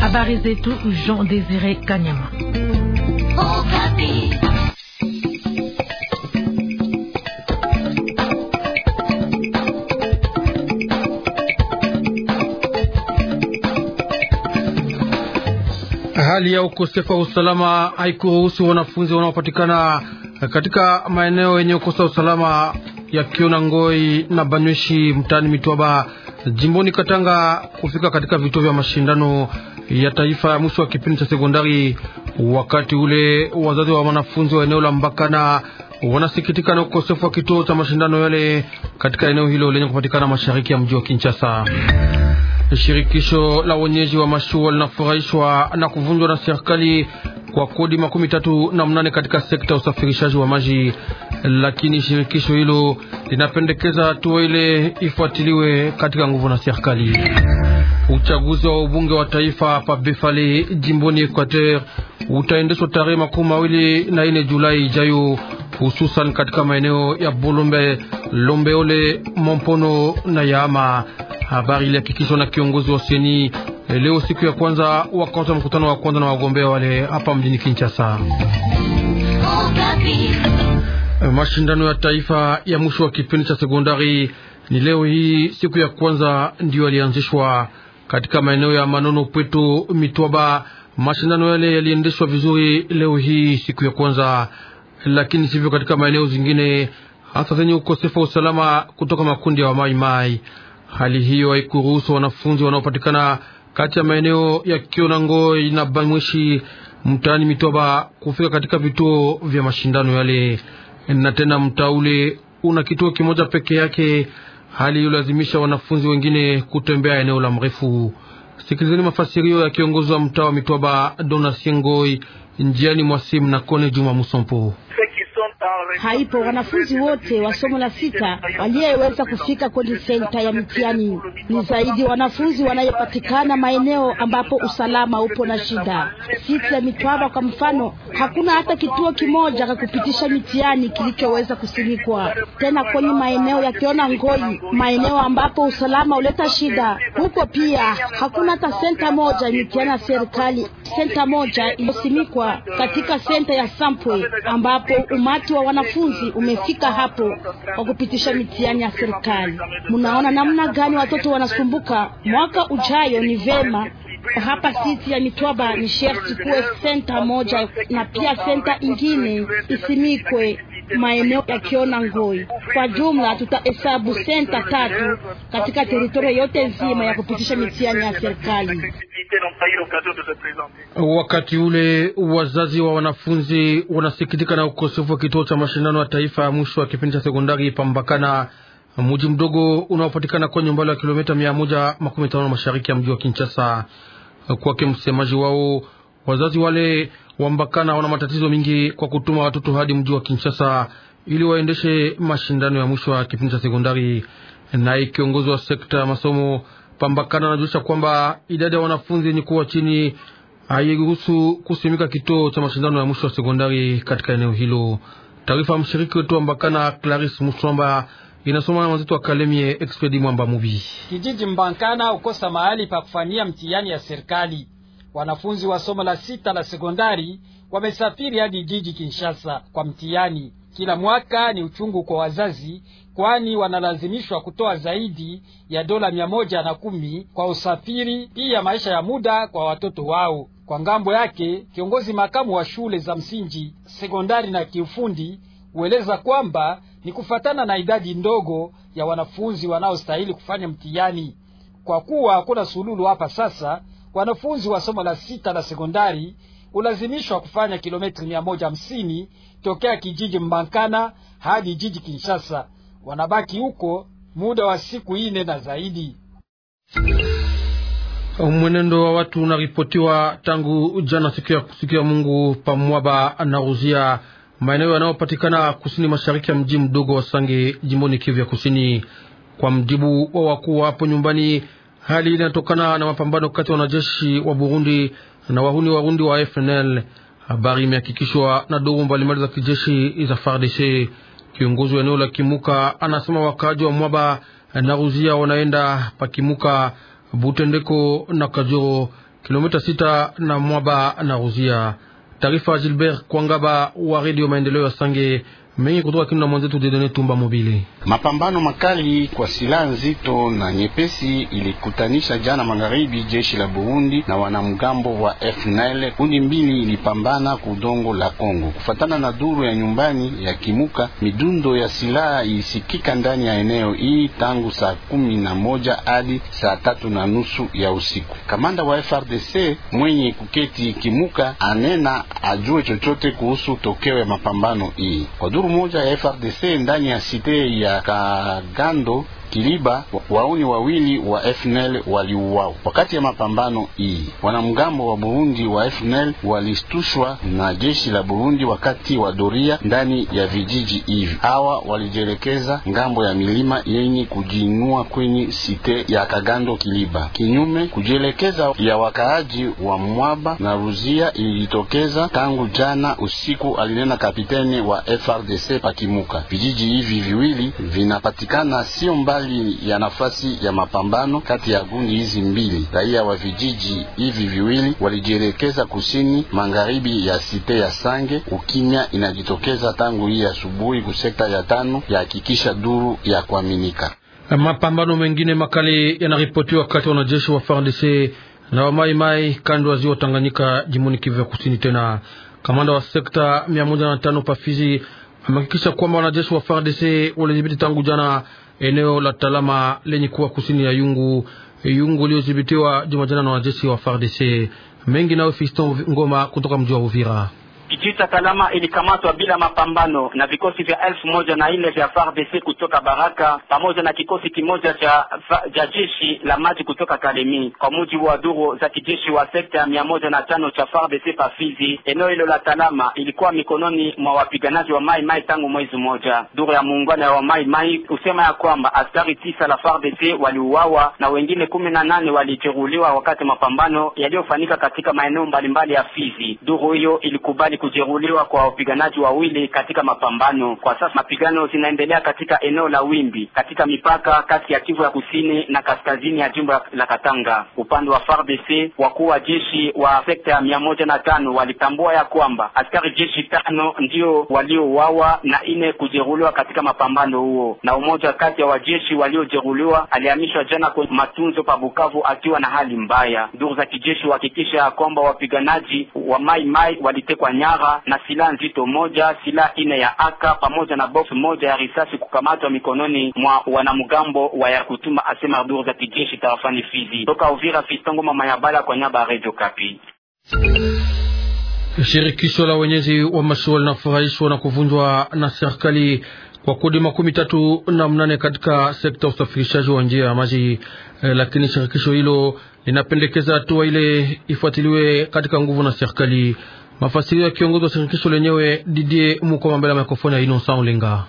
Habari zetu Jean Désiré Kanyama. Okapi. Hali ya ukosefu wa usalama haikuruhusu wanafunzi wanaopatikana katika maeneo yenye ukosa usalama ya Kiona Ngoi na Banyweshi mtaani Mitwaba jimboni Katanga kufika katika vituo vya mashindano ya taifa ya mwisho wa kipindi cha sekondari. Wakati ule wazazi wa wanafunzi wa eneo la Mbakana wanasikitika na ukosefu wa kituo cha mashindano yale katika eneo hilo lenye kupatikana mashariki ya mji wa Kinshasa. Shirikisho la wenyeji wa mashua linafurahishwa na kuvunjwa na serikali wa kodi makumi tatu na mnane katika sekta ya usafirishaji wa maji, lakini shirikisho hilo linapendekeza hatua ile ifuatiliwe katika nguvu na serikali. Uchaguzi wa ubunge wa taifa hapa Befali jimboni Equateur utaendeshwa tarehe makumi mawili na ine Julai ijayo, hususan katika maeneo ya Bolombe, Lombeole, Mompono na Yama. Habari ilihakikishwa na kiongozi wa seni Eh, leo siku ya kwanza wakati mkutano wa kwanza na wagombea wale hapa mjini Kinshasa. Eh, mashindano ya taifa ya mwisho wa kipindi cha sekondari ni leo hii siku ya kwanza ndiyo yalianzishwa katika maeneo ya Manono, Pweto, Mitwaba. Mashindano yale yaliendeshwa vizuri leo hii siku ya kwanza, lakini sivyo katika maeneo zingine, hasa zenye ukosefu wa usalama kutoka makundi ya wa maimai. Hali hiyo haikuruhusu wanafunzi wanaopatikana kati ya maeneo ya Kionangoi na Bamwishi mtaani Mitoba kufika katika vituo vya mashindano yale, na tena mtaa ule una kituo kimoja peke yake, hali iliyolazimisha wanafunzi wengine kutembea eneo la mrefu. Sikilizeni mafasirio ya kiongozi wa mtaa wa Mitwaba Dona njiani mwa simu na Kone Juma Musompo haipo. Wanafunzi wote wa somo la sita waliyeweza kufika kwenye senta ya mtihani ni zaidi wanafunzi wanayepatikana maeneo ambapo usalama upo na shida. Siti ya Mitwaba kwa mfano, hakuna hata kituo kimoja cha kupitisha mitihani kilichoweza kusimikwa. Tena kwenye maeneo ya Kiona Ngoi, maeneo ambapo usalama uleta shida, huko pia hakuna hata senta moja mitihani ya serikali, senta moja iliyosimikwa katika senta ya Sampwe ambapo umati wa wanafunzi umefika hapo kwa kupitisha mitihani ya serikali. Mnaona namna gani watoto wanasumbuka. Mwaka ujayo ni vema hapa siti ya Mitwaba ni sherti kuwe senta moja na pia senta ingine isimikwe maeneo ya Kiona Ngoi. Kwa jumla tutahesabu senta tatu katika teritoria yote nzima ya kupitisha mitihani ya serikali. Wakati ule wazazi wa wanafunzi wanasikitika na ukosefu wa kituo cha mashindano ya taifa ya mwisho wa kipindi cha sekondari Pambakana, mji mdogo unaopatikana kwenye umbali wa kilomita mia moja makumi tano mashariki ya mji wa Kinshasa. Kwake msemaji wao Wazazi wale wambakana wana matatizo mingi kwa kutuma watoto hadi mji wa Kinshasa ili waendeshe mashindano ya mwisho ya kipindi cha sekondari. Naye kiongozi wa sekta ya masomo Pambakana anajulisha kwamba idadi ya wanafunzi yenye kuwa chini hairuhusu kusimika kituo cha mashindano ya mwisho wa sekondari katika eneo hilo. Taarifa ya mshiriki wetu Ambakana Claris Muswamba inasoma na mwenzetu wa Kalemie Expedi Mwamba Mubi. Kijiji Mbakana ukosa mahali pa kufanyia mtihani ya serikali Wanafunzi wa somo la sita la sekondari wamesafiri hadi jiji Kinshasa kwa mtihani. Kila mwaka ni uchungu kwa wazazi, kwani wanalazimishwa kutoa zaidi ya dola mia moja na kumi kwa usafiri, pia maisha ya muda kwa watoto wao. Kwa ngambo yake, kiongozi makamu wa shule za msingi, sekondari na kiufundi hueleza kwamba ni kufatana na idadi ndogo ya wanafunzi wanaostahili kufanya mtihani. Kwa kuwa hakuna sululu hapa sasa wanafunzi wa somo la sita la sekondari ulazimishwa kufanya kilometri mia moja hamsini tokea kijiji Mbankana hadi jiji Kinshasa. Wanabaki huko muda wa siku ine na zaidi. Mwenendo wa watu unaripotiwa tangu jana siku ya kusikia Mungu pamwaba na Ruzia, maeneo yanayopatikana kusini mashariki ya mji mdogo wa Sange, jimboni Kivu ya Kusini. Kwa mjibu wa wakuu wapo nyumbani, Hali inatokana na mapambano kati ya wanajeshi wa Burundi na wahuni Warundi wa FNL. Habari imehakikishwa na duru mbalimbali za kijeshi za FARDC. Kiongozi wa eneo la Kimuka anasema wakaaji wa Mwaba na Ruzia wanaenda pakimuka Butendeko na Kajoro, kilomita sita na Mwaba na Ruzia. Taarifa Gilbert Kwangaba wa Radio Maendeleo ya Sange. Meye kutoka Kindu na mwenzetu Dedone Tumba Mobile. Mapambano makali kwa silaha nzito na nyepesi ilikutanisha jana magharibi jeshi la Burundi na wanamgambo wa FNL. Kundi mbili ilipambana kudongo la Kongo. Kufatana na duru ya nyumbani ya Kimuka, midundo ya silaha isikika ndani ya eneo hii tangu saa kumi na moja hadi saa tatu na nusu ya usiku. Kamanda wa FRDC mwenye kuketi Kimuka anena ajue chochote kuhusu tokeo ya mapambano hii kwa duru moja ya FRDC ndani ya site ya Kagando Kiliba wauni wawili wa FNL waliuawa wakati ya mapambano hii. Wanamgambo wa Burundi wa FNL walistushwa na jeshi la Burundi wakati wa doria ndani ya vijiji hivi. Hawa walijielekeza ngambo ya milima yenye kujiinua kwenye site ya Kagando Kiliba. Kinyume kujielekeza ya wakaaji wa Mwaba na Ruzia ilijitokeza tangu jana usiku, alinena kapiteni wa FRDC Pakimuka. Vijiji hivi viwili vinapatikana sio mbali mbali ya nafasi ya mapambano kati ya gundi hizi mbili, raia wa vijiji hivi viwili walijielekeza kusini magharibi ya site ya Sange. Ukimya inajitokeza tangu hii asubuhi kusekta ya tano ya hakikisha duru ya kuaminika. Mapambano mengine makali yanaripotiwa kati ya wanajeshi wa FARDC na Mai kando ya ziwa Tanganyika, jimboni Kivu ya Kusini. Tena kamanda wa sekta mia moja na tano Pafizi amehakikisha kwamba wanajeshi wa FARDC walidhibiti tangu jana eneo la Talama lenye kuwa kusini ya Yungu, Yungu iliyodhibitiwa Jumajana na wanajeshi wa FARDC. Mengi nayo Fiston Ngoma kutoka mji wa Uvira. Kijiji cha Kalama ilikamatwa bila mapambano na vikosi vya elfu moja na nne vya FARDC kutoka Baraka pamoja na kikosi kimoja cha ja jeshi la maji kutoka Kalemi. Kwa mujibu wa duru za kijeshi wa sekta ya mia moja na tano cha FARDC Pafizi, eneo hilo la talama ilikuwa mikononi mwa wapiganaji wa Mai Mai tangu mwezi mmoja. Duru ya muungano ya wa Mai Mai husema ya kwamba askari tisa la FARDC waliuawa na wengine kumi na nane walijeruhiwa wakati mapambano yaliyofanyika katika maeneo mbalimbali ya Fizi. Duru hiyo ilikubali ni kujeruhiwa kwa wapiganaji wawili katika mapambano. Kwa sasa mapigano zinaendelea katika eneo la Wimbi katika mipaka kati ya Kivu ya Kusini na kaskazini ya jimbo la Katanga. Upande wa FARDC, wakuu wa jeshi wa sekta ya mia moja na tano walitambua ya kwamba askari jeshi tano ndio waliouawa na ine kujeruhiwa katika mapambano huo, na umoja kati ya wajeshi waliojeruhiwa alihamishwa jana kwa matunzo pa Bukavu akiwa na hali mbaya. Ndugu za kijeshi wahakikisha ya kwamba wapiganaji wa Mai Mai walitekwa nyara nyara na silaha nzito moja, silaha ine ya aka pamoja na bofu moja ya risasi kukamatwa mikononi mwa wanamgambo wa Yakutuma, asema duru za kijeshi tarafani Fizi. Toka Uvira, Fistongo mama ya bala kwa nyaba Radio Kapi. Shirikisho la wenyezi wa masuala linafurahishwa na kuvunjwa na serikali kwa kodi makumi tatu na mnane katika sekta ya usafirishaji wa njia ya maji eh, lakini shirikisho hilo linapendekeza hatua ile ifuatiliwe katika nguvu na serikali. Mafasiri ya kiongozi wa shirikisho lenyewe Didier Mukoma mbele ya mikrofoni ya Innocent Olenga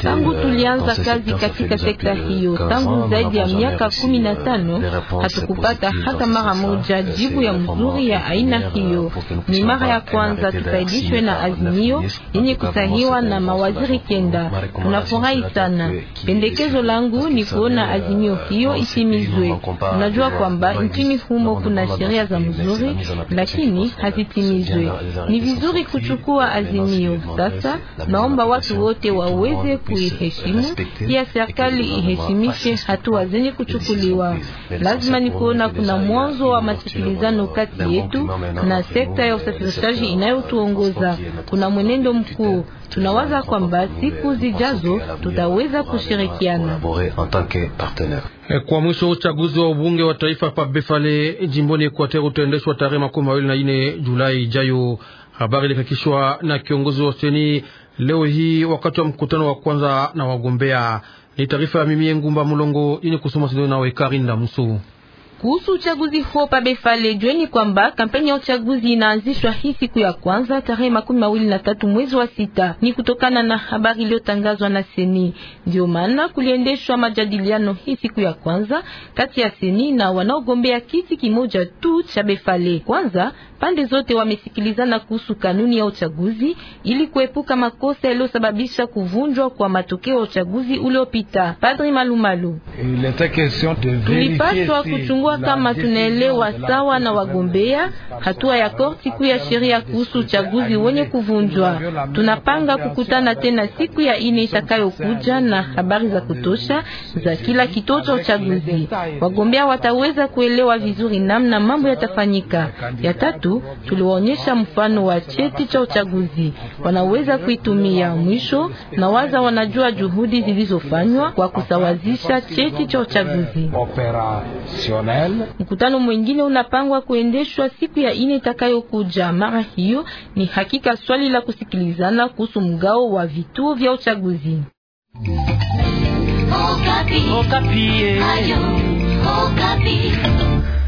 tangu tulianza kazi katika sekta hiyo tangu zaidi ya miaka euh, kumi na tano hatukupata hata mara moja euh, jibu ya mzuri ya aina hiyo. Euh, ni mara ya kwanza tusaidishwe na azimio yenye kusahiwa na mawaziri kenda. Tunafurahi sana. Pendekezo langu ni kuona azimio hiyo itimizwe. Unajua kwamba nchini humo kuna sheria za mzuri, lakini hazitimizwe. Ni vizuri kuchukua azimio sasa. Naomba kwamba watu wote waweze kuiheshimu, pia serikali iheshimishe hatua zenye kuchukuliwa. Lazima ni kuona kuna mwanzo wa masikilizano kati yetu na sekta ya usafirishaji inayotuongoza. Kuna mwenendo mkuu, tunawaza kwamba siku zijazo tutaweza kushirikiana. Eh, kwa mwisho, uchaguzi wa ubunge wa taifa pa Befale jimboni Ekuater utaendeshwa tarehe makumi mawili na ine Julai ijayo. Habari ilifikishwa na kiongozi wa seni leo hii wakati wa mkutano wa kwanza na wagombea. Ni taarifa ya mimi Ngumba Mulongo yenye kusoma Sidoni na Wekari Ndamusu. Kuhusu uchaguzi huo befale jueni kwamba kampeni ya uchaguzi inaanzishwa hii siku ya kwanza tarehe makumi mawili na tatu mwezi wa sita. Ni kutokana na habari iliyotangazwa na Seni, ndio maana kuliendeshwa majadiliano hii siku ya kwanza kati ya Seni na wanaogombea kiti kimoja tu cha Befale. Kwanza pande zote wamesikilizana kuhusu kanuni ya uchaguzi ili kuepuka makosa yaliyosababisha kuvunjwa kwa matokeo ya uchaguzi uliopita. Padri Malumalu, tulipaswa kuchungua kuwa kama tunaelewa sawa na wagombea hatua ya korti kuu ya sheria kuhusu uchaguzi wenye kuvunjwa. Tunapanga kukutana tena siku ya ine itakayokuja na habari za kutosha za kila kituo cha uchaguzi. Wagombea wataweza kuelewa vizuri namna mambo yatafanyika. Ya tatu, tuliwaonyesha mfano wa cheti cha uchaguzi wanaweza kuitumia. Mwisho na waza wanajua juhudi zilizofanywa kwa kusawazisha cheti cha uchaguzi. National. Mkutano mwingine unapangwa kuendeshwa siku ya ine itakayokuja. Mara hiyo ni hakika swali la kusikilizana kuhusu mgao wa vituo vya uchaguzi. Okapi. Okapi. Eh. Ayo. Okapi.